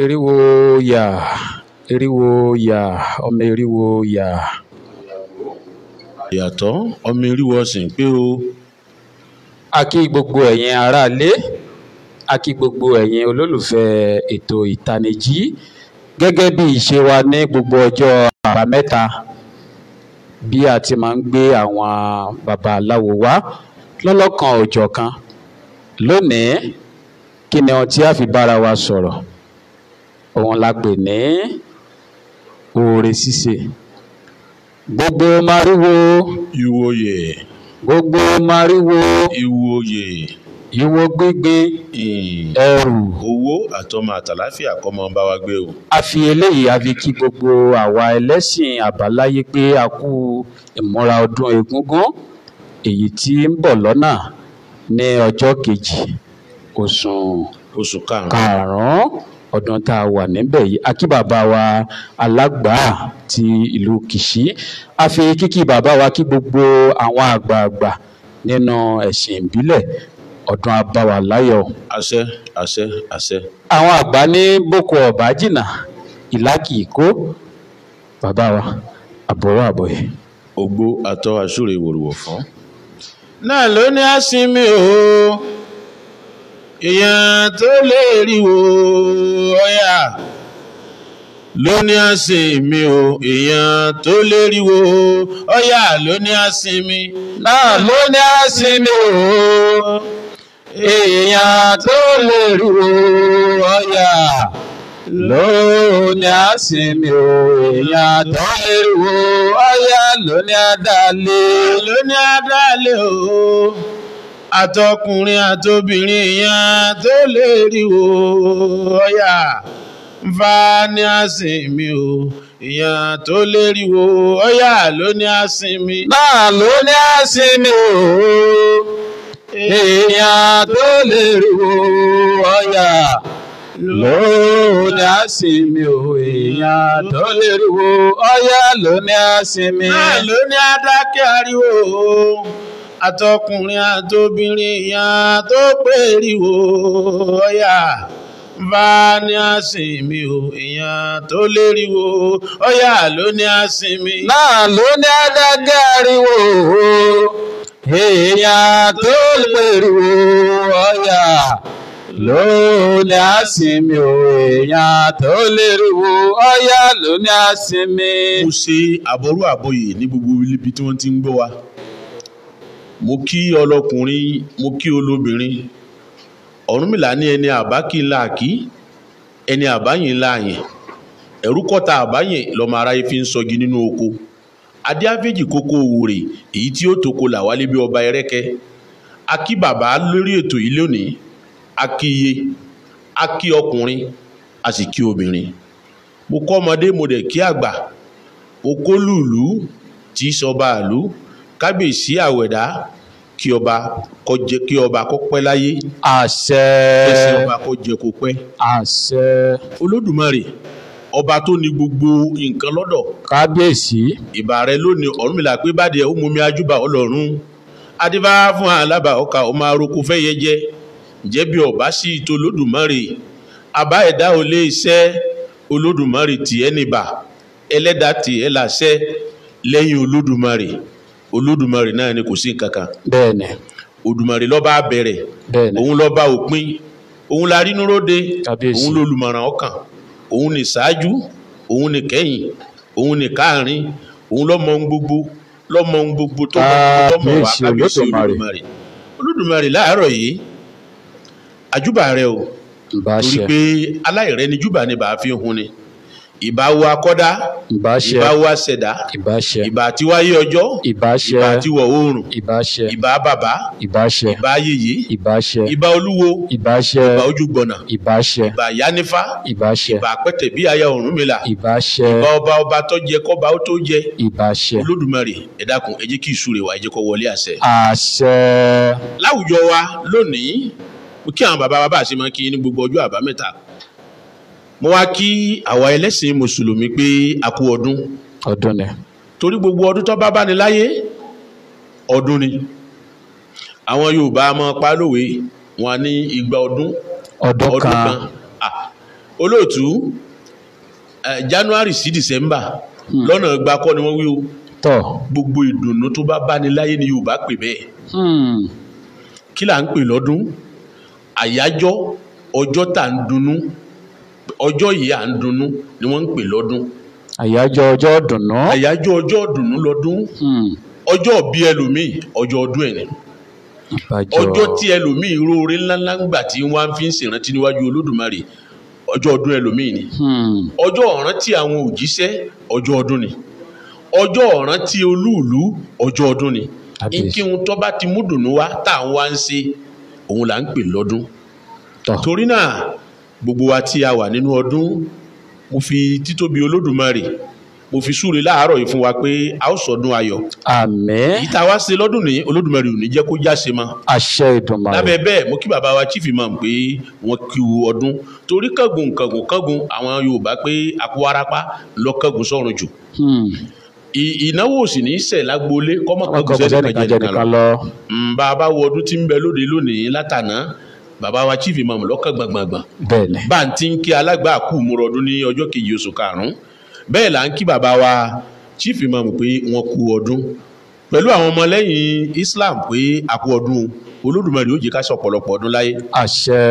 eriwo yà eriwo yà ọmọ eriwo yà. yàtọ̀ ọmọ eriwo ọ̀sìn pé o. a kí gbogbo ẹ̀yin aráalé a kí gbogbo ẹ̀yin olólùfẹ́ ètò ìtanijí gẹ́gẹ́ bí ìṣe wa ní gbogbo ọjọ́ àbámẹ́ta bí a ti máa ń gbé àwọn babaláwo wá lọ́lọ́kan òjọ̀kan lónìí kí ni ohun tí a fi bára wa sọ̀rọ̀ òun la pè ní oore ṣíṣe gbogbo mariwo ìwòye gbogbo mariwo ìwòye ìwo gbígbé ẹrù owó àtọmọ àtàláfíà kọmọ bá wa gbé o. a fi eléyìí a fi kí gbogbo àwa ẹlẹ́sìn àbáláyé pé a kú ìmúra ọdún egúngún èyí tí ń bọ̀ lọ́nà ní ọjọ́ kejì oṣù karùn-ún ọdún tá a wà níbẹ̀ yìí akí bàbá wa alágbàá ti ìlú Kìṣí a fi kíkí bàbá wa kí gbogbo àwọn àgbààgbà nínú ẹ̀sìn ìbílẹ̀ ọdún abáwa láyọ̀. àṣẹ àṣẹ àṣẹ. àwọn àgbà ní boko ọba jìnnà ìlà kì í kó bàbá wa àbọ̀wọ́ àbọ̀yẹ. ògbó àtọ́ àṣúrè wòrùwò fún. náà ló ní àsìmí o èèyàn tó lè rí wo ọ̀yà lóní àsìn mi o èèyàn tó lè rí wo ọ̀yà lóní àsìn mi náà lóní àsìn mi o èèyàn tó lè rí wo ọ̀yà lóní àsìn mi o èèyàn tó lè rí wo ọ̀yà lóní àdálé lóní àdálé o àtọkùnrin àtobìnrin yẹn tó lè rí o ọ̀yà nfa ní àsìnmi o ìyẹn tó lè rí o ọ̀yà ló ní àsìnmi. náà ló ní àsìnmi o èèyàn tó lè rí o ọ̀yà lóòní àsìnmi ò èèyàn tó lè rí o ọ̀yà lóní àsìnmi. náà ló ní adákẹ́ ariwo o. àtọkùnrin àtobìnrin ìyá tó pèríwò ọyà bá ní àsìnmi o èèyàn tó lériwo ọ̀yà ló ní náà ló ní adágẹ́ ariwo èèyàn tó ló ní àsìnmi o èèyàn tó lériwo ọyà ló ní àsìnmi. mo ṣe àbọ̀rú ní gbogbo ibi tí wọ́n ti ń gbọ́ mo kí ọlọ́kùnrin mo kí olóbìnrin ọ̀rúnmìlà ní ẹni àbá kí ńlá kí ẹni àbáyìn ńlá yẹn ẹ̀rú kọ́ta àbáyìn lọ́mọ aráyé fi ń sọgi nínú oko adéáfẹ́jì kókó òwúrè èyí tí ó toko làwálé bí ọba ẹrẹ́kẹ́ a bàbá lórí ètò yìí lónìí a iye a ọkùnrin a sì kí obìnrin mo kọ́ ọmọdé mo dẹ̀ kí àgbà okólùlù tí sọba àlú kábíyèsí àwẹ̀dá kí ọba kó jẹ kí ọba kó pẹ́ láyé. àṣẹ. kẹsì ọba kó jẹ kó pẹ́. àṣẹ. olódùmarè ọba tó ni gbogbo nǹkan lọ́dọ̀. kábíyèsí. ìbà rẹ lónìí Ọ̀rúnmìlà pé bá díẹ̀ ó mú mi ajúbà ọlọ́run adébá fún alábà ọkà ọmọ aroko fẹ́ yẹ jẹ́ jẹ́bi ọba sí ìtò olódùmarè àbá ẹ̀dá ò lè ṣẹ́ olódùmarè tì ẹ́ nìbà ẹlẹ́dàá tì ẹ́ làṣẹ lẹ́yìn olódùmarè olódùmarè náà ni kò sí nǹkan kan. bẹ́ẹ̀ni. olùmarè lọ́ba abẹ̀rẹ̀. bẹ́ẹ̀ni. òun lọ́ba òpin òun la rí núróde. kàbíyèsí òun lolùmọ̀ràn ọkàn òun ni ṣáájú òun ni kẹ́yìn òun ni káàrin òun lọ́mọ ohun gbogbo lọ́mọ ohun gbogbo tó mọ wá kàbíyèsí olùmarè olùmarè láàárọ̀ yìí àjùbà rẹ o torí pé aláìrẹ́ni júbà ni bàá fi hun ni ìbá wa kọ́dá ìbá wa ṣẹ̀dá ìbá tí wáyé ọjọ́ ìbá tí wọ̀ oòrùn ìbá bàbá ìbá yèyé ìbá olúwo ìbá ojúgbọ̀nà ìbá yánífá ìbá pẹ̀tẹ̀ bí aya Ọ̀rúnmìlà ìbá ọba ọba tó jẹ kọ́ba ó tó jẹ Olódùmarè ẹ dákun ẹ jẹ́ kí ìsúre wa ẹ jẹ́ kó wọlé àṣẹ. àṣẹ. láwùjọ wa lónìí kí àwọn bàbá wa bá a ṣe máa kí ní gbogbo ọjọ́ àbámẹ́ta mo wá kí àwa ẹlẹ́sìn mùsùlùmí pé a kú ọdún. ọdún ni. torí gbogbo ọdún tó bá bá ní láyé ọdún ni àwọn Yorùbá máa pa lówe wọn ní igba ọdún. ọdún kan olóòtú January sí December hmm. lọ́nà ìgbà kọ́ ni wọ́n wí o tọ́ gbogbo ìdùnnú tó bá bá ní láyé ni Yorùbá pè bẹ́ẹ̀ hmm. kí là ń pè lọ́dún àyájọ́ ọjọ́ tá ń dunnú ọjọ́ yìí à ń dunnú ni wọ́n ń pè lọ́dún. àyájọ́ ọjọ́ dùnnú. àyájọ́ ọjọ́ dùnnú lọ́dún. Hmm. ọjọ́ bí ẹlòmíì ọjọ́ ọdún ẹ̀ ni. ọjọ́ tí ẹlòmíì róore ńláńlá ń tí wọ́n fi ń ṣèrántí níwájú olódùmarè ọjọ́ ọdún ẹlòmíì ni. Hmm. ọjọ́ àwọn òjíṣẹ́ ọjọ́ ọdún ni. ọjọ́ olúùlú ọjọ́ ọdún ni. ti múdùnú wá ń ṣe òun là gbogbo wa tí a wà nínú ọdún mo fi títóbi olódùmarè mo fi súre láàárọ̀ yìí fún wa pé a ó sọdún ayọ̀. àmín. èyí tá a wá ṣe lọ́dún ní olódùmarè ò ní jẹ́ kó jáse mọ́. àṣẹ Èdùmàrè. lábẹ́ bẹ́ẹ̀ mo kí bàbá wa chief imam pé wọ́n kí u ọdún torí kángun kángun kángun àwọn yorùbá pé àpò arapa lọ kángun sọ̀rùn jù. Hmm. ìnáwó sì ní í ṣẹ̀ lágboolé kọ́mọ kángun sẹ́ni kan jẹ́ nìkan lọ. Hmm, bàbá wo ọdún tí ń bẹ lóde lónìí látàná bàbá wa chief imam lọ́kàn gbọ̀ngbọ̀ngbọ̀n bá ń ti ń kí alágbà kú múrọ̀dún ní ọjọ́ kejì oṣù karùn-ún là ń kí bàbá wa chief imam pé wọ́n kú ọdún pẹ̀lú àwọn ọmọlẹ́yìn Islam pé a kú ọdún Olódùmarè ó jẹ́ ká ṣe ọ̀pọ̀lọpọ̀ ọdún láyé. àṣẹ.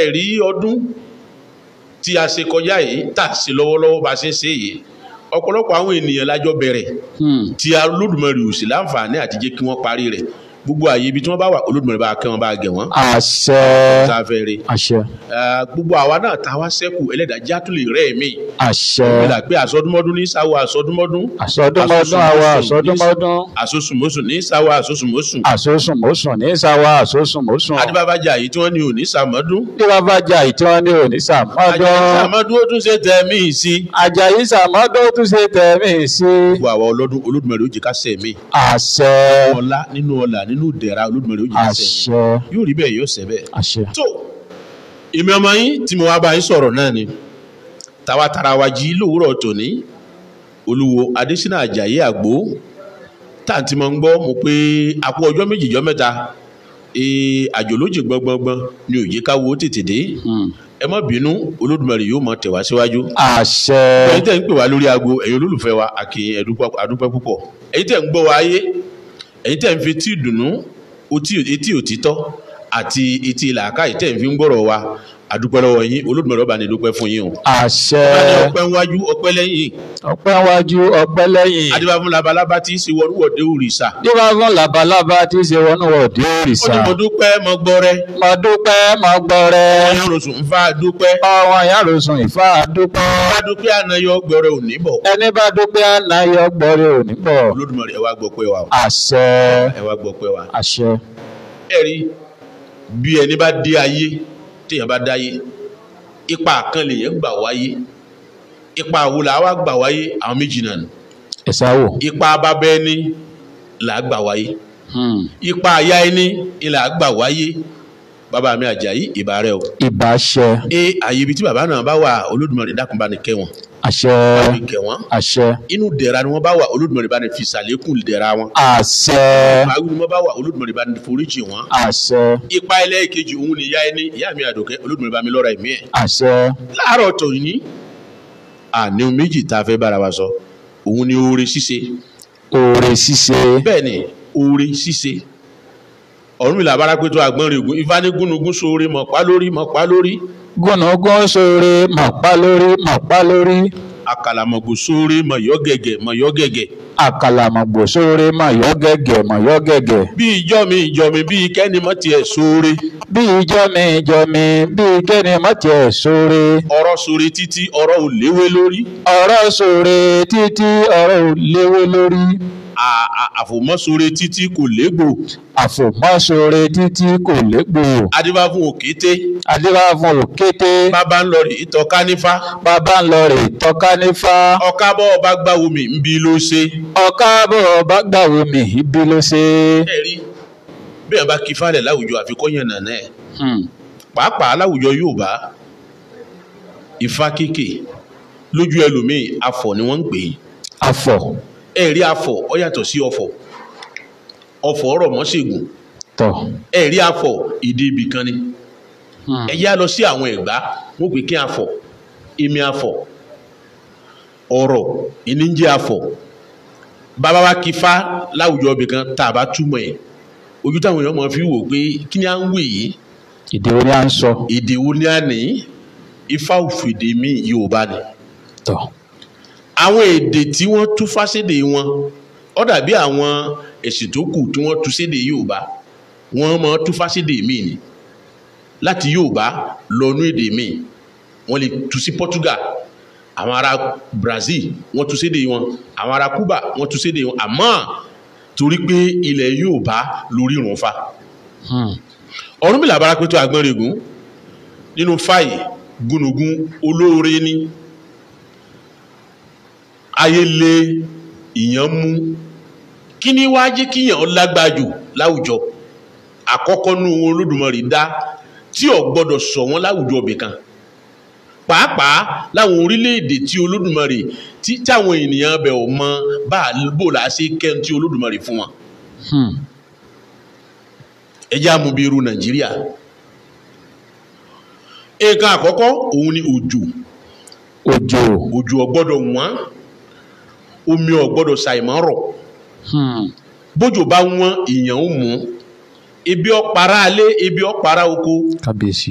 ẹ̀rí ọdún tí a ṣe kọjá yìí tà sí lọ́wọ́lọ́wọ́ bá a ṣe ń ṣe yìí ọ̀pọ̀lọpọ̀ àwọn ènìyàn lájọ bẹ̀rẹ̀ hmm. tí Olódùmarè ò sí láǹfààní àti kí wọ́n parí rẹ̀ gbogbo àyè ibi tí wọ́n bá wà Olódùmarè bá kẹ́ wọn bá gẹ̀ wọ́n. àṣẹ sáfẹ́rẹ́ àṣẹ. gbogbo àwa náà ta wá sẹ́kù ẹlẹ́dàájá tó lè rẹ́ mi. àṣẹ. ìgbàlá pé àsọdúnmọ́dún ní sáwọ àsọdúnmọ́dún. àsọdúnmọ́dún àwọ àsọdúnmọ́dún. àsosùnmọ́sùn ní sáwọ àsosùnmọ́sùn. àsosùnmọ́sùn ní sáwọ àsosùnmọ́sùn. adébáfájà yìí tí wọ́n ní òní sàmọ́dún. adébáfájà yìí tí wọ́n ní òní sàmọ́dún. Àjàyí sàmọ́dún ó tún ṣe tẹ̀mí sí. Àjàyí sàmọ́dún ó tún ṣe tẹ̀mí sí. gbogbo àwa ọlọ́dún nínú ìdẹ̀ra olódùmarè ó jẹ́ àṣẹ yóò rí bẹ́ẹ̀ yóò ṣẹ bẹ́ẹ̀. àṣẹ. tó èmi ọmọ yín tí mo wá bá yín sọ̀rọ̀ náà ni tàwa tara wa jí lówùrọ̀ tòní olúwo adésínà àjàyí àgbò táǹtí mo ń gbọ́ mo pé àpò ọjọ́ méjì jọ mẹ́ta e, àjò lójì gbọngbọngbọn ni òye ká wo tètè dé hmm. ẹ má bínú olódùmarè yóò mọ tẹ̀wá síwájú. àṣẹ. ẹ̀yin tẹ́ ń pè wá lórí aago ẹ̀yin olólùfẹ́ wa àkè ẹ̀dúpẹ́ púpọ̀ ẹ̀yin tẹ́ ń gbọ́ wa ayé èyí tẹ̀ ń fi tí ìdùnnú etí òtítọ́ àti etí làákàyè tẹ̀ ń fi ń gbọ́rọ̀ wa àdúpẹ́ lọ́wọ́ yín Olódùmarè bá ní dúpẹ́ fún yín o. àṣẹ ọpẹ́ wájú ọpẹ́ lẹ́yìn. ọpẹ́ wájú ọpẹ́ lẹ́yìn. adébá fún labalábá tí í ṣe wọnú wọ̀dé òrìṣà. adébá fún labalábá tí í ṣe wọnú wọ̀dé òrìṣà. ó ní mo dúpẹ́ mo gbọ́rẹ́. mo dúpẹ́ mo gbọ́rẹ́. ọmọ yàrá oṣù nfa dúpẹ́. ọmọ yàrá oṣù dúpẹ́. bá dúpẹ́ ànayọ gbọ́rẹ́ ò bí ẹni bá dé ayé téèyàn bá dáyé ipa kan lèyàn gbà wáyé ipa wo la wá gbà wáyé àwọn méjì náà ẹ̀sáwò ipa abábẹ́ là gbà wáyé hmm. ipa àyá ẹni là gbà wáyé bàbá mi àjàyí ìbà rẹ o. ìbà ṣe. e àyè ibi tí bàbá náà bá wà olódùmarè dákun bá ní kẹ́ wọn. àṣẹ báni kẹ́ wọn. àṣẹ inú dẹ̀ra ni wọ́n bá wà olódùmarè bá ní fi sàlékún dẹ̀ra wọn. àṣẹ ìpàwé ni wọ́n bá wà olódùmarè bá ní foríjì wọn. àṣẹ ipa ẹlẹ́ẹ̀kejì òun ni ìyá ẹni ìyá mi àdòkẹ́ olódùmarè bá mi lọ́ra ẹ̀mí ẹ̀. àṣẹ láàárọ̀ tó ní àní méjì tá a fẹ́ bára wa sọ òun ni oore ṣíṣe. oore ṣíṣe. bẹ́ẹ̀ ọ̀rúnmìlà bára pé tó àgbọ̀nrín ògùn ifá ní gúnugún sóore mọ̀pá lórí mọ̀pá lórí. gúnugún sóore mọ̀pá lórí mọ̀pá lórí. àkàlàmọ̀gbò sóore mọ̀yọ́ gẹ̀gẹ̀ mọ̀yọ́ gẹ̀gẹ̀. àkàlàmọ̀gbò sóore mọ̀yọ́ gẹ̀gẹ̀ mọ̀yọ́ gẹ̀gẹ̀. bí ìjọ mi ìjọ mi bí kẹ́ni mọ́ tiẹ̀ sóore. bí ìjọ mi ìjọ mi bí kẹ́ni mọ́ tiẹ̀ sóore. ọ̀rọ̀ sóore títí ọ̀rọ̀ ò léwé lórí. ọ̀rọ̀ sóore títí ọ̀rọ̀ ò léwé lórí àfòmọ́sore títí kò légbò. àfòmọ́sore títí kò légbò. adébá fún òkété. adébá fún òkété. bàbá ń lọ rè ìtọ́ká nífá. bàbá ń lọ rè ìtọ́ká nífá. ọ̀kábọ̀ ọba gbà omi nbí ló ṣe. ọ̀kábọ̀ ọba gbà omi nbí ló ṣe. ẹ̀rí bí ẹ bá kí falẹ̀ láwùjọ àfikọ́yàn nànà ẹ̀ hmm. pàápàá láwùjọ Yorùbá ìfákèké lójú ẹlòmíì afọ ni wọ́n ń pè é. afọ ẹ̀rí afọ̀ ọ yàtọ̀ sí ọfọ̀ ọfọ̀ ọ̀rọ̀ mọ́ ṣègùn ẹ̀rí afọ̀ ìdí ibì kan ni hmm. ẹ yá lọ sí àwọn ẹ̀gbá wọ́n pè kí afọ̀ èmi afọ̀ ọ̀rọ̀ ìníjẹ́ afọ̀ bàbá wa kí fa láwùjọ ibì kan tá a bá túmọ̀ ẹ̀ ojú táwọn èèyàn máa fi wò pé kí ni à ń wè yìí. èdè wo ni à ń sọ. èdè wo ni à ní ifá òfìdè mi Yorùbá ni. tọ́ àwọn èdè tí wọ́n tú fásédè wọn ó dàbí àwọn èsì tó kù tí wọ́n tú sédè Yorùbá wọ́n máa tú fásédè míì ni láti Yorùbá lọ́nú èdè míì wọ́n lè tú sí Portugal àwọn ará Brazil wọ́n tú sédè wọn àwọn ará Cuba wọ́n tú sédè wọn àmọ́ torí pé ilẹ̀ Yorùbá lórí ìrùn fa hmm. Ọ̀rúnmìlà Bárákútú Àgbọnrìgún nínú fàyè gúnugún olóore ni. Hmm ayé lé ìyàn mú kí ni wàá jẹ́ kí ìyàn lágbájú láwùjọ àkọ́kọ́ nú wọn olódùmarè dá tí ò gbọ́dọ̀ sọ wọn láwùjọ bìkan pàápàá láwọn orílẹ̀-èdè tí olódùmarè tí táwọn ènìyàn bẹ̀ ò mọ bá a bò là á ṣe kẹ́hìn tí olódùmarè fún wọn. Hmm. ẹ jẹ́ àmúbi nàìjíríà nǹkan àkọ́kọ́ òun ni òjò òjò òjò wọ́n omi ò gbọ́dọ̀ ṣàìmọ́ rọ̀ hmm. bójú bá wọ́n ìyàn ń mú ibi ọ̀pára alẹ́ ibi ọ̀pára oko kábíyèsí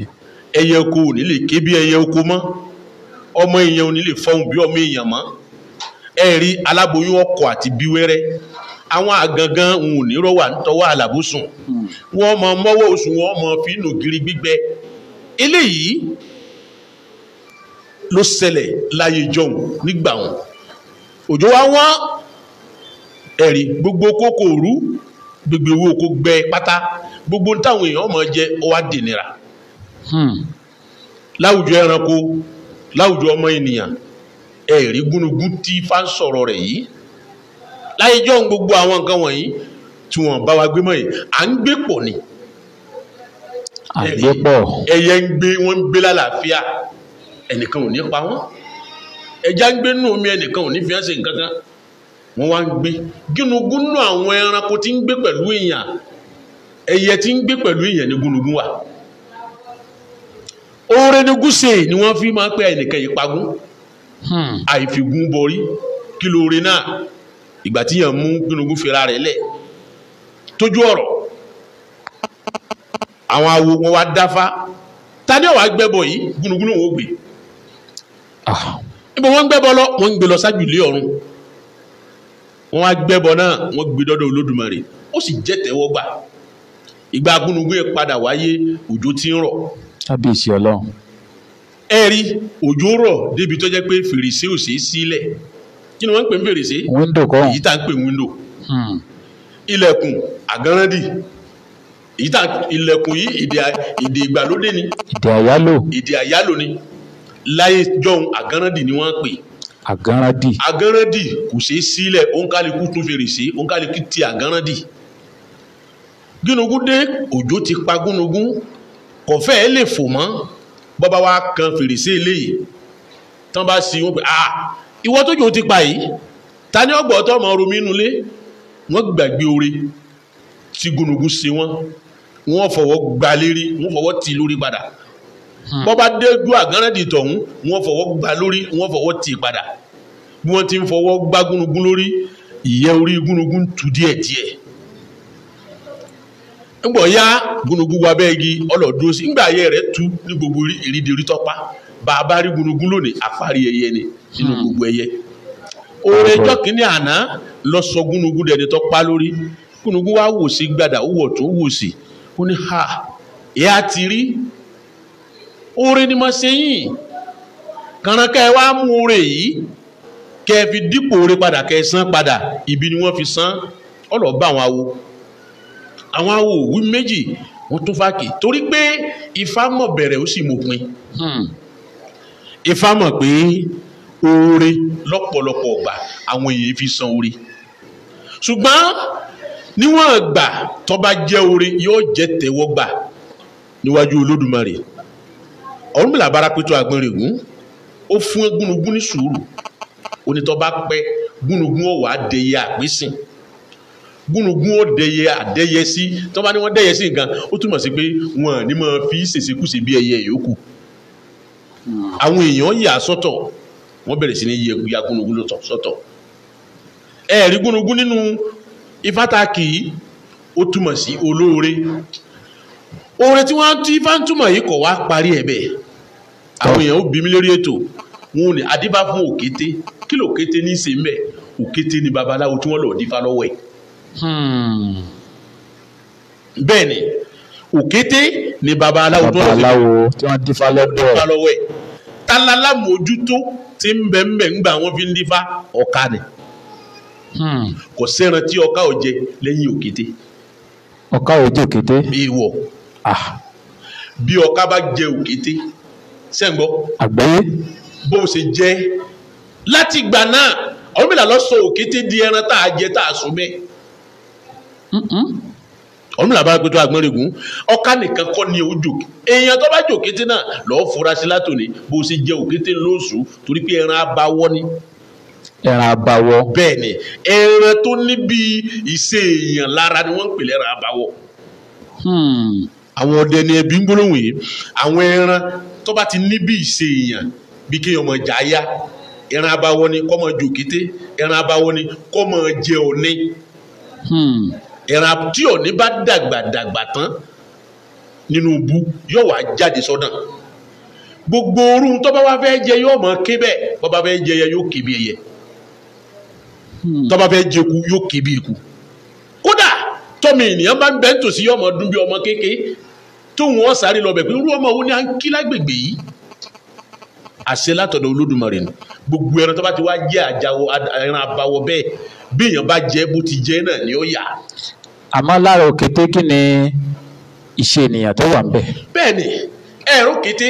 ẹyẹ oko ò ní lè ké bí ẹyẹ oko mọ́ ọmọ èèyàn ò ní lè fọhùn bí ọmọ èèyàn mọ́ ẹ̀rí aláboyún ọkọ àti bí wẹ́rẹ́ àwọn àgangan ń ò ní rọwà àlàbùsùn hmm. wọn mọ mọ́wọ́ oṣù wọn mọ fínú gírí gbígbẹ eléyìí ló ṣẹlẹ̀ láyé jọ̀hún nígbà wọn òjò wá wọ́n ẹ̀rí gbogbo kókò rú gbogbo owó kó gbẹ pátá gbogbo táwọn èèyàn mọ̀ jẹ́ ó wá dènìrà hmm. láwùjọ ẹranko láwùjọ ọmọ ènìyàn ẹ̀rí gúnugún tí fa ń sọ̀rọ̀ rẹ̀ yìí láyé jọ́ gbogbo àwọn nǹkan wọ̀nyí tí wọ́n bá wa gbé mọ́ yìí à ń gbé pọ̀ ni ẹ̀yẹ ń gbé wọ́n ń gbé lálàáfíà ẹnìkan ò ní pa wọ́n ẹja ń gbé nínú omi ẹnìkan ò ní fi ẹsẹ̀ nǹkan kan wọ́n wá ń gbé gúnugún nù àwọn ẹranko tí ń gbé pẹ̀lú èèyàn ẹyẹ tí ń gbé pẹ̀lú èèyàn ní gúnugún wà oore ni gúúsè ni wọ́n fi máa pẹ́ ẹnìkan yìí pagún hmm. àìfigún borí kí lóore náà ìgbà tí yàn mú gúnugún fira rẹ̀ lẹ̀ tójú ọ̀rọ̀ àwọn awo wọn wá dáfá ta ni ó yìí gúnugún ló gbé. Ah ibo wọ́n ń gbẹ́bọ lọ wọ́n ń gbé lọ sájú ilé ọ̀run wọ́n wá gbẹ́bọ náà wọ́n gbé dọ́dọ̀ olódùmarè ó sì jẹ́ tẹ́wọ́ gbà ìgbà agúnugú ẹ̀ padà wáyé òjò ti ń rọ̀. kábíyèsí ọlọ́run. ẹ rí òjò rọ̀ débi tó jẹ́ pé fèrèsé ò ṣeé sílẹ̀ kí ni wọ́n ń pè ń fèrèsé. wíńdò kọ́ èyí tá à ń pè wíńdò. Hmm. ilẹ̀kùn àgánrẹ́dì èyí tá ilẹ̀kùn yìí èdè ìgbàlódé ni. èdè àyálò. èdè àyálò ni láyé jọun àgánrádì ni wọ́n pè àgánrádì àgánrádì kò ṣeé sílẹ̀ òǹkálukú tún fèrèsé òǹkálukú ti àgánrádì gúnugún dé òjò ti pa gúnugún kò fẹ́ẹ́ lè fò mọ́ bọ́bá wa kan fèrèsé eléyìí tán bá sí wọn pé ah ìwọ tó jò ti pa yìí ta ni ọgbọ ọtọ ọmọ romi inú ilé wọn gbàgbé oore tí gúnugún ṣe wọn wọn fọwọ́ gba lérí wọn fọwọ́ tì lórí padà Hmm. bọ́ bá déjú àgánrẹ́dì tọ̀hún wọ́n fọwọ́ gbá lórí wọ́n fọwọ́ tì padà bí wọ́n ti ń fọwọ́ gbá gúnugún lórí ìyẹ́ orí gúnugún tu díẹ̀ díẹ̀ ńgbọ̀ ya gúnugún wa bẹ́ẹ̀ gi ọlọ́dúró sí ńgbà ayẹ rẹ̀ tu ní gbogbo ìrìndè orí tọ́pa bàbá rí gúnugún lónìí àparí ẹyẹ ni nínú hmm. gbogbo ẹyẹ oore ẹjọ́ kìíní àná lọ sọ gúnugún dẹni tọ́pa lórí gúnugún wa wò sí gbàdá wò tó wò sí ó ní ha ìyá ti rí oore ni mo ṣe yìí kànáńkà ẹ wá mú oore yìí kẹ ẹ fi dípò oore padà kẹ ẹ san padà ibi ni wọ́n fi san ọlọ bá àwọn awo àwọn awo òwú méjì wọ́n tún fàákì torí pé Ifá mọ̀ bẹ̀rẹ̀ ó sì mọ̀pin hmm. Ifá pé oore lọ́pọ̀lọpọ̀ ọgbà àwọn èyí fi san oore ṣùgbọ́n níwọ̀n ìgbà tó bá jẹ́ oore yóò jẹ́ tẹ́wọ́gbà níwájú Olódùmarè ọ̀rúnmìlà Bárápẹ̀tù Àgbọnrìnwùn ó fún gúnugún ní sùúrù onítọ́ bá pẹ́ gúnugún ó wà á dẹyẹ àpínsìn gúnugún ó dẹyẹ àdẹyẹ sí tó bá ní wọ́n dẹyẹ sí nǹkan ó túmọ̀ sí pé wọn ní máa fi ṣèṣekúṣe bí ẹyẹ yòókù àwọn èèyàn yà sọ́tọ̀ wọ́n bẹ̀rẹ̀ sí ní yẹ ya gúnugún sọ́tọ̀ ẹ̀ẹ̀rí gúnugún nínú ifá tá kì í ó túmọ̀ sí olóore oore tí wọ́n ti ifá ń túmọ̀ yìí kọ̀ wá parí ẹ̀ bẹ́ẹ̀ àwọn èèyàn ó bí mi lórí ètò wọn ò ní adébá fún òkété kí ló kété ní í ṣe mbẹ òkété ni babaláwo tí wọn lọ dífá lọ́wọ́ ẹ. Hmm. bẹ́ẹ̀ ni òkété ni babaláwo tí wọn dífá lọ́wọ́ ẹ tálálá mójútó tí ń bẹ ń bẹ ńgbà wọn fi ń dífá ọ̀ka ni hmm. kò sẹ́ran tí ọ̀ka ò jẹ lẹ́yìn òkété. ọ̀ka ò jẹ òkété. bí wọ ah. bí ọ̀ka bá jẹ òkété sẹ́ǹgbọ́. àgbáyé. bó ṣe jẹ́ láti ìgbà náà ọdún mìíràn lọ sọ òkété di ẹran tá a jẹ tá a sùn bẹ́ẹ̀. ọdún mìíràn bá a pẹ̀tọ́ àgbọ̀nrẹ̀gùn ọ̀ká nìkan kọ́ ni ojú èèyàn tó bá jẹ òkété náà lọ́ọ́ fura sí látòní bó ṣe jẹ òkété lóṣù torí pé ẹran abawọ́ ni ẹran abawọ. bẹ́ẹ̀ni ẹran tó níbi ìṣe èèyàn lára ni wọn ń pè lẹran abawọ. Hmm. àwọn ọdẹ ni ẹbí ń gbólóhùn yìí àwọn ẹran tó bá ti níbi ìṣe èèyàn bí kéèyàn mọ̀ jáyà ẹran abawọ ni kọ́ mọ̀ jò kété ẹran abawọ ni kọ́ mọ̀ jẹ òní hmm. ẹran tí òní bá dàgbà dàgbà tán nínú bu yóò wá jáde sọ́dàn gbogbo orun tó bá wá fẹ́ jẹ yóò mọ̀ ké bẹ́ẹ̀ fẹ́ jẹ yóò ké bí ẹyẹ hmm. fẹ́ jẹ ku yóò ké ikú kódà tọ́mi ènìyàn bá ń bẹ́ẹ̀ tòsí yóò mọ̀ dún bí ọmọ kékeré tóun ọ sáré lọ bẹ̀ pé irú ọmọ wo ni à ń kí lágbègbè yìí àṣẹ látọ̀dọ̀ olódùmarè nù gbogbo ẹran tó bá ti wá jẹ́ àjáwọ ẹran àbáwọ bẹ́ẹ̀ bí èèyàn bá jẹ́ bó ti jẹ́ náà ni ó yà. àmọ́ lára òkété kí ni iṣẹ́ ènìyàn tó wà ń bẹ̀. bẹ́ẹ̀ni ẹ̀rọ kété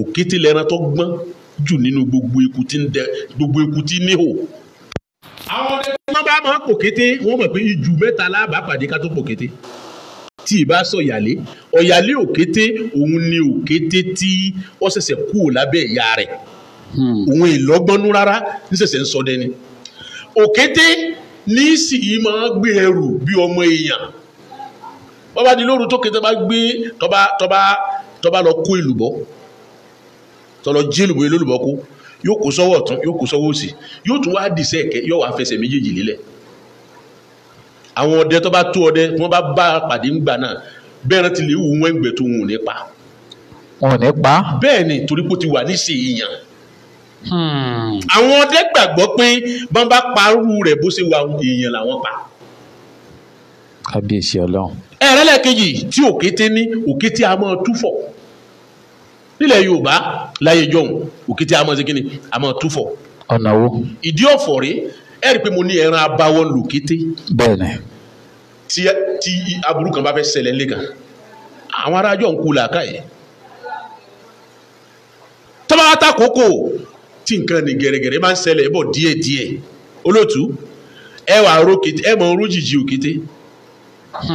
òkété lẹran tó gbọ́n jù nínú gbogbo eku tí ń dẹ gbogbo eku tí níhò. àwọn ọmọdé tó bá máa pòkété wọ́n mọ̀ pé ìjù mẹ́ta lábàá pàdé ká tó pòkété tí ì bá sọ ìyàlé ọ̀yàlé òkété òun ni òkété tí ó ṣẹ̀ṣẹ̀ kú lábẹ́ ìyá rẹ̀ hmm. òun ìlọ́gbọ́nú rárá ní ṣẹ̀ṣẹ̀ ń sọdẹ ni òkété ní sì í máa gbé ẹrù bí ọmọ èèyàn bọ́ba di lóru tó kété bá gbé tọ́ba tọ́ba tọ́ba lọ kó èlùbọ́ tọ́lọ jí èlùbọ́ èlùbọ́ kó yóò kó sọ́wọ́ ọ̀tún yóò kó sọ́wọ́ òsì yóò tún wá dìísẹ́ ẹ̀kẹ́ yóò wá fẹsẹ̀ méjèèjì lílẹ̀ àwọn ọdẹ tó bá tó ọdẹ tí wọ́n bá bá pàdé ńgbà náà bẹ́ẹ̀ rántí lè wù wọ́n ìgbẹ́ tó wù nípa. wọn ò ní pa. bẹ́ẹ̀ ni torí pé ó ti wà ní ṣe èèyàn. Hmm. àwọn ọdẹ gbàgbọ́ pé bọ́n bá parú rẹ̀ bó ṣe wà èèyàn làwọn pa. kábíyèsí ọlọ́run. ẹ̀rẹ́lẹ̀ kejì tí òkété ní òkété a máa túfọ̀ nílẹ̀ yorùbá láyé jọ̀hún òkété a máa ṣe kí ni a máa túfọ̀. ọ̀nà wo. ìdí ọ̀fọ̀ rèé ẹ rí i pé mo ní ẹran abawọ lò kété. bẹ́ẹ̀ni. tí tí aburú kan bá fẹ́ ṣẹlẹ̀ lé kan àwọn arájọ ń kú làákà yìí tọ́ba ta kókó tí nǹkan ní gẹ̀rẹ́gẹ̀rẹ́ máa ń ṣẹlẹ̀ bọ̀ díẹ̀díẹ̀ olóòtú ẹ wà ró kété ẹ mọ̀ ró jìjì òkété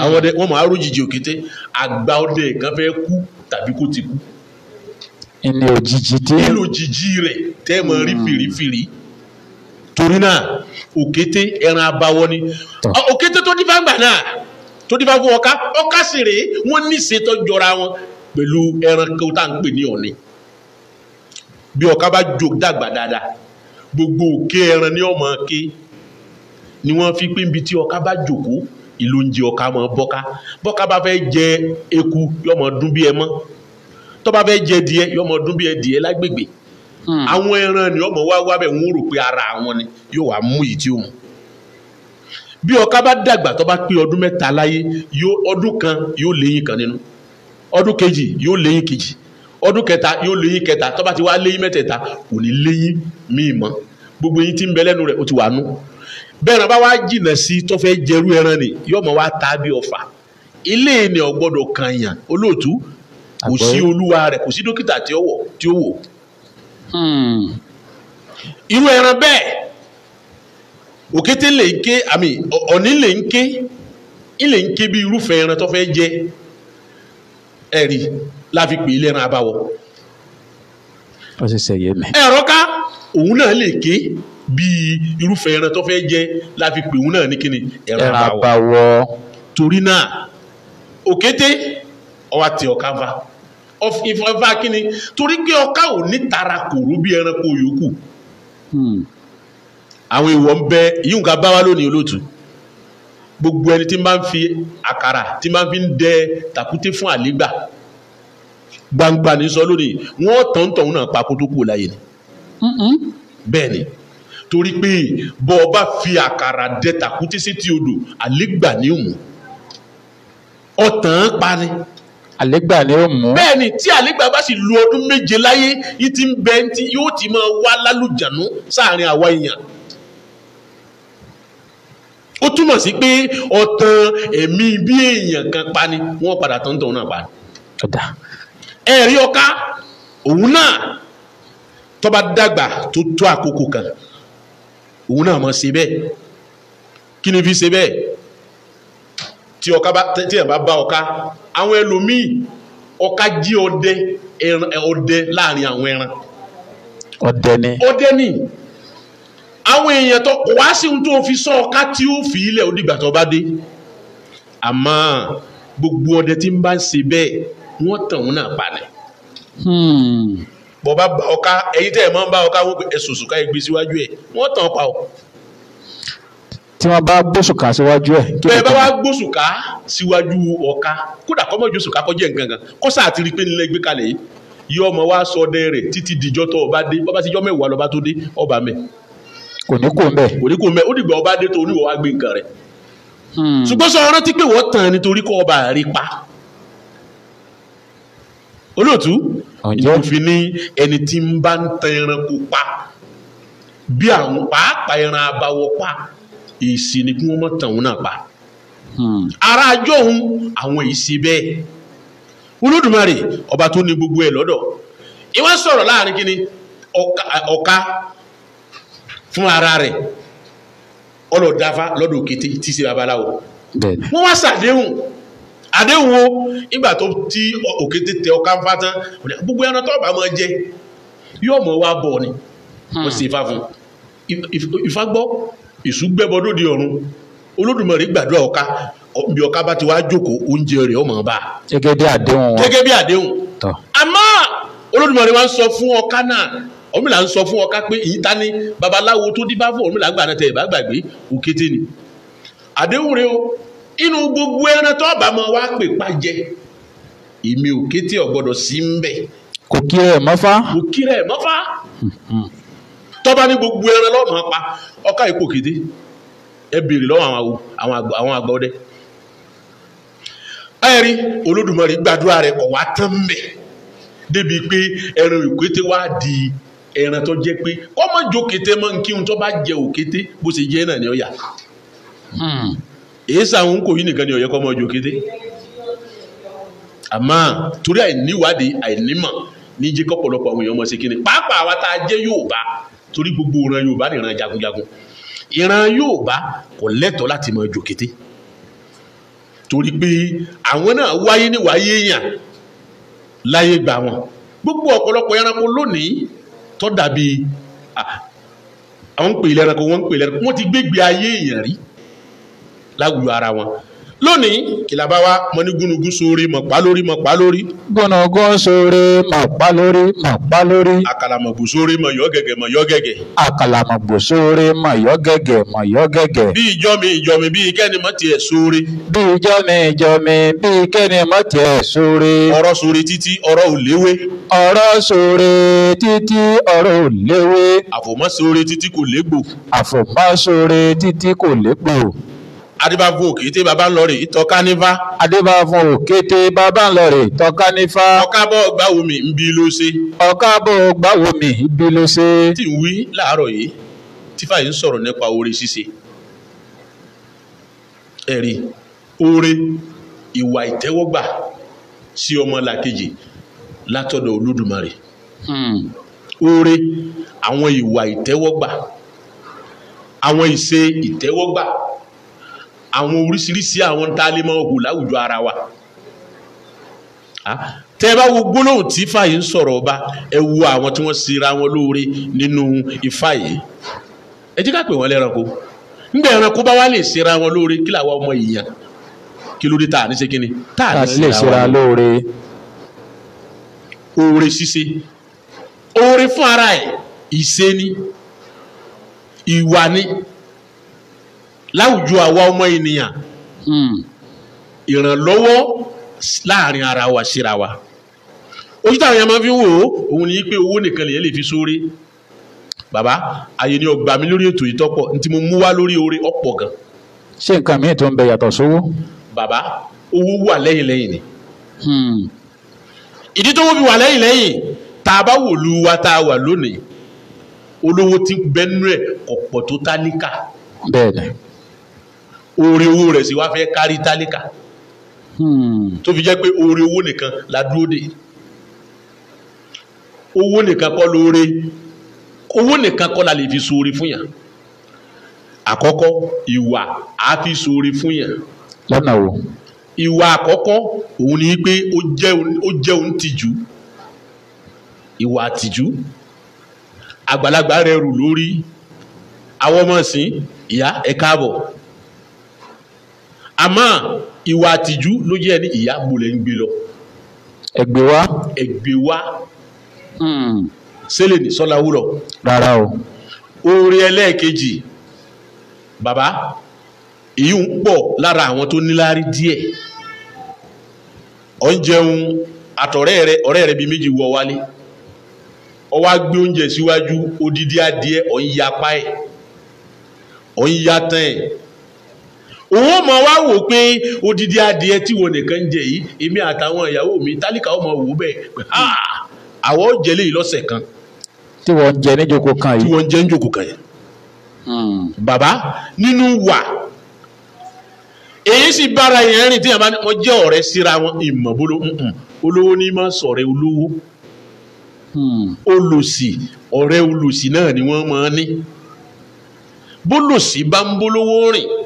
àwọn ọdẹ wọn máa ró jìjì òkété àgbà ọdẹ kan fẹ́ kú tàbí kó ti kú. ilé òjijì dé. ilé òjijì rẹ̀ tẹ́ mọ̀ hmm. rí fìrífìrí. Mm torí náà òkété ẹran abawọ ni òkété tó dífá gbà náà tó dífá fún ọká ọká sì rèé wọn ní ìṣètò jọra wọn pẹ̀lú ẹran kan tá à ń pè ní ọ̀nì bí ọká bá jò dàgbà dáadáa gbogbo òkè ẹran ní ọmọ ké ni wọn fi pé níbi tí ọká bá jòkó ìlú ń jẹ ọká mọ bọká bọká bá fẹ́ jẹ eku yọmọ dún bí ẹ mọ tó bá fẹ́ jẹ díẹ̀ yọmọ dún bí ẹ díẹ̀ lágbègbè. Hmm. àwọn ẹran ni ọmọ wa wá bẹ̀ rò pé ara àwọn ni yóò wá mú ìdí òun bí ọká bá dàgbà tó bá ọdún mẹ́ta láyé ọdún kan yóò léyìn kan nínú ọdún kejì yóò léyìn kejì ọdún kẹta yóò léyìn kẹta tó bá ti wá léyìn mẹ́tẹ̀ẹ̀ta kò ní léyìn míì gbogbo ti ń bẹ ti wà nú náà bá wá jìnà sí tó jẹrú ẹran ni yóò wá ta bí ilé ni kàn yàn olóòtú kò sí Hmm. irú ẹran bẹ́ẹ̀ òkété lè ń ké àmì ọ̀ní lè ń ké ilé ń ké bí irúfẹ́ ẹran tó fẹ́ jẹ ẹ̀rí láfi pè é lẹ́ran abáwọ̀ ẹ̀rọ ká òun náà lè ké bí irúfẹ́ ẹran tó fẹ́ jẹ láfi pè òun náà ní kíni ẹran abáwọ̀ torí náà òkété ọwá tí ọ̀ká ọfà kínni torí pé ọká ò ní tara kòrò bí ẹranko yòókù hmm. àwọn èèwọ̀ ń bẹ yíyún ká bá wa lónìí olóòtú gbogbo ẹni tí máa ń fi àkàrà tí máa ń fi ń dẹ tàkúté fún àlégbà gbangba ní sọ lónìí wọn tàn ń náà pa kó tó láyé ni bẹ́ẹ̀ ni torí pé bọ́ ọ bá fi àkàrà dẹ tàkúté sétí odò àlégbà ní òmù ọ̀tàn pa ni. Mm -mm àlégbà ni ó mú. bẹ́ẹ̀ni tí àlégbà bá sì lu ọdún méje láyé yìí ti ń bẹ tí yóò ti máa wá lálùjànú sáàrin àwa èèyàn. ó túmọ̀ sí pé ọ̀tàn ẹ̀mí bí èèyàn kan pa ni wọ́n padà tán tóun náà pa ni. ẹ̀rí ọká òun náà tó dàgbà tó tó àkókò kan òun náà mọ̀ ṣe bẹ́ẹ̀ kí ni fi ṣe bẹ́ẹ̀ tí ọ̀ka bá tí ẹ̀ bá bá ọ̀ka àwọn ẹlòmíì ọ̀ka jí ọdẹ ọdẹ láàrin àwọn ẹran. ọdẹ ni. ọdẹ ni àwọn èèyàn tó wá sí ohun tó fi sọ ọ̀ka tí ó fi ilẹ̀ onígbà tó bá dé àmọ́ gbogbo ọdẹ tí ń bá ń ṣe bẹ́ẹ̀ wọ́n tàn wọ́n náà balẹ̀. Hmm. bọ̀ bá ọ̀ka ẹ̀yin tẹ́ ẹ̀ máa ń bá ọ̀ka wọ́n ẹ̀sùn sùn ká ẹ gbé síwájú ẹ̀ wọ́n tàn pa ọ́ tí wọ́n bá gbósùká síwájú ẹ̀. bẹ́ẹ̀ bá wá gbósùká síwájú ọ̀ka kódà kọ́mọ̀ ju sùká kọjá nǹkan kan kọ́sà àti rí pé nílẹ̀ gbé kalẹ̀ yìí yọ ọmọ wa sọ ọdẹ rẹ̀ títí dìjọ́ tó ọba dé bọ́ba ti jọ́ mẹ́wàá lọ́ba tó dé ọba mẹ́. kò ní kò mẹ́. kò ní kò mẹ́ ó dìgbà ọba dé tó oníwọ̀ wá gbé nǹkan rẹ̀. Hmm. ṣùgbọ́n sọ rántí pé wọ́n tàn nítorí kọ́ ọba rí pa. olóòtú ìlúfin ní ẹni èsì ni kí wọ́n mọ̀ tàn wọn náà pa hmm. ara àjọ òun àwọn èsì bẹ́ẹ̀ olódùmarè ọba tó ní gbogbo ẹ̀ lọ́dọ̀ ìwọ́n sọ̀rọ̀ láàrin kí ni ọ̀ka fún ara rẹ̀ ọlọ́dáfá lọ́dọ̀ òkété tí sí babaláwo wọ́n wá sàdéhùn àdéhùn o nígbà tó tí òkété tẹ ọ̀ka ń fátán gbogbo ẹran tó bá mọ jẹ yóò mọ wá bọ̀ ni wọ́n hmm. sì fa fún ifá ìṣú gbẹ́bọ di ọ̀run olódùmarè gbàdúrà ọ̀ka bí ọ̀ka bá ti wá jókòó oúnjẹ rẹ̀ ọmọ ọba gẹ́gẹ́ bí àdéhùn gẹ́gẹ́ bí àdéhùn. àmọ́ olódùmarè wa ń sọ fún ọ̀ka náà ọmọlà ń sọ fún ọ̀ka pé èyí ta ni babaláwo tó gbogbo ẹran tó mọ wá pè èmi òkété sí kò kí mọ́fá. kò kí mọ́fá. Hmm, hmm. tọ́ba ní gbogbo ẹran lọ́mọ pa ọká ipò kété ẹ béèrè lọ́wọ́ àwọn àgbà àwọn àgbà ọdẹ ẹ̀rí olódùmarè gbàdúrà rẹ̀ kọ̀ wá tán mẹ́ débi pé ẹran ìkété wá di ẹran tó jẹ́ pé kọ́mọ jó kété mọ́ kí n tó bá jẹ òkété bó ṣe jẹ́ náà ni ó hmm. èyí sàwọn kò yí nìkan ni ó yẹ kọ́mọ jó kété àmọ́ torí àìníwádìí àìnímọ̀ ní jẹ́ kọ́pọ̀lọpọ̀ àwọn èèyàn ọmọ ṣe kí ni pàápàá àwa tá a jẹ́ Yorùbá torí gbogbo ìran Yorùbá ni ìran jagunjagun ìran Yorùbá kò lẹ́tọ̀ọ́ láti máa jò kété torí pé àwọn náà wáyé níwáyé èèyàn láyé gbà wọn gbogbo ọ̀pọ̀lọpọ̀ ẹranko lónìí tó dàbí àwọn ń pè lẹ́ranko wọ́n ń pè lẹ́ranko wọ́n ti gbégbé ayé èèyàn rí láwùjọ ara wọn lónìí kìlàbá wa mọ ní gúnugún sóore mọ pa lórí mọ pa lórí. gúnugún sóore mọ pa lórí mọ pa lórí. àkàlàmọ̀gbò sóore mọ yọ gẹ̀gẹ̀ mọ yọ gẹ̀gẹ̀. àkàlàmọ̀gbò sóore mọ yọ gẹ̀gẹ̀ mọ yọ gẹ̀gẹ̀. bí ìjọ mi ìjọ mi bí kẹ́ni mọ́ tiẹ̀ sóore. bí ìjọ mi ìjọ mi bí kẹ́ni mọ́ tiẹ̀ sóore. ọ̀rọ̀ sóore títí ọ̀rọ̀ ò léwé. ọ̀rọ̀ sóore títí ọ̀rọ̀ ò léwé. àfòmọ́ sóore títí kò légbò adébáfún òkété bàbá ń lọ rè ìtọ́ká nífà. adébáfún òkété bàbá ń lọ rè ìtọ́ká nífà. ọ̀kábọ̀ gbàwó mi ń bi ló ṣe. ọ̀kábọ̀ gbàwó mi ń bi ló ṣe. tí ń wí láàárọ̀ yìí tífà yìí ń sọ̀rọ̀ nípa oore ṣíṣe ẹ̀rí oore ìwà ìtẹ́wọ́gbà sí ọmọ làkejì látọ̀dọ̀ olódùmarè hmm. oore àwọn ìwà ìtẹ́wọ́gbà àwọn ìṣe ìtẹ́wọ́gbà àwọn oríṣiríṣi àwọn tá a lè máa hù láwùjọ ara wa ah, tẹ́ ẹ bá wo gbólóhùn tí fàyè ń sọ̀rọ̀ ọba ẹ wo àwọn tí wọ́n sera wọn lóore nínú ifá yìí ẹ jẹ́ ká pè wọ́n lẹ́ranko ńgbà ẹranko bá wá lè sera wọn lóore kí làwọn ọmọ èèyàn kí ló dé tá a ní ṣe kí ni tá a ní sera wọn lóore oore ṣíṣe oore fún ara ẹ̀ ìṣe ni ìwà ni láwùjọ àwa ọmọ ènìyàn hmm. ìrànlọ́wọ́ láàrin ara wa síra wa ojú táwọn yẹn máa fi ń wò ó òun ni pé owó nìkan lèyẹn lè fi sóore bàbá ayé ni ọgbà mi lórí ètò ìtọ́pọ̀ ní tí mo mú wá lórí oore ọ̀pọ̀ gan. ṣé nǹkan mi tó ń bẹ yàtọ̀ sówó. bàbá owó wà lẹ́yìn lẹ́yìn ni. Hmm. ìdí tó wọ́n fi wà lẹ́yìn lẹ́yìn tá a bá wò lu wa tá a wà lónìí olówó ti bẹ́nu ẹ̀ ọ̀pọ̀ tó tálíkà. bẹ́ẹ̀ ni oore owó rẹ̀ sì wá fẹ́ kárí tálíkà hmm. tó fi jẹ́ pé oore owó nìkan la dúró dè owó nìkan kọ́ lóore owó nìkan kọ́ la lè fi ṣoore fún yàn àkọ́kọ́ ìwà á fi ṣoore fún yàn lọ́nà wo ìwà àkọ́kọ́ òun ni pé ó jẹ́ òun tìjú ìwà àtìjú àgbàlagbà rẹ̀ rù lórí àwọn ọmọ ìsìn ìyá ẹ káàbọ̀ àmọ́ ìwà àtìjú ló jẹ́ ní ìyá múlẹ̀ ń gbé lọ. ẹgbẹ́ wa. ẹgbẹ́ wa. Hmm. sẹ́lẹ̀ ní sọ́la wúrọ̀. rárá o. oore ẹlẹ́ẹ̀kejì bàbá èyí ń pọ̀ lára àwọn tó níláárí díẹ̀ ọ̀ ń jẹun àtọ̀rẹ́ rẹ ọ̀rẹ́ rẹ bíi méjì wọ wálé ó wá gbé oúnjẹ síwájú odidi adìẹ ọ̀ ń yapa ẹ̀ ọ̀ ń yatán ẹ̀ òun mọ̀ wá wò pé odidi adìẹ tí wọn nìkan ń jẹ yìí èmi àtàwọn ìyàwó mi tálíkà ó mọ̀ wò bẹ́ẹ̀ pé àwọ̀ jẹ́lé yìí lọ́sẹ̀ kan. tí wọ́n ń jẹ níjókòó kan yìí. tí wọ́n ń jẹ níjókòó kan yìí. Hmm. bàbá nínú wà èyí sì bára yẹn rìn tí wọ́n jẹ́ ọ̀rẹ́ síra wọn ìmọ̀ bolo olówó ní máa sọ̀rẹ́ olówó hmm. olòṣì ọ̀rẹ́ olòṣì náà ni wọ́n máa ní bólòṣì bá ń bólówó rìn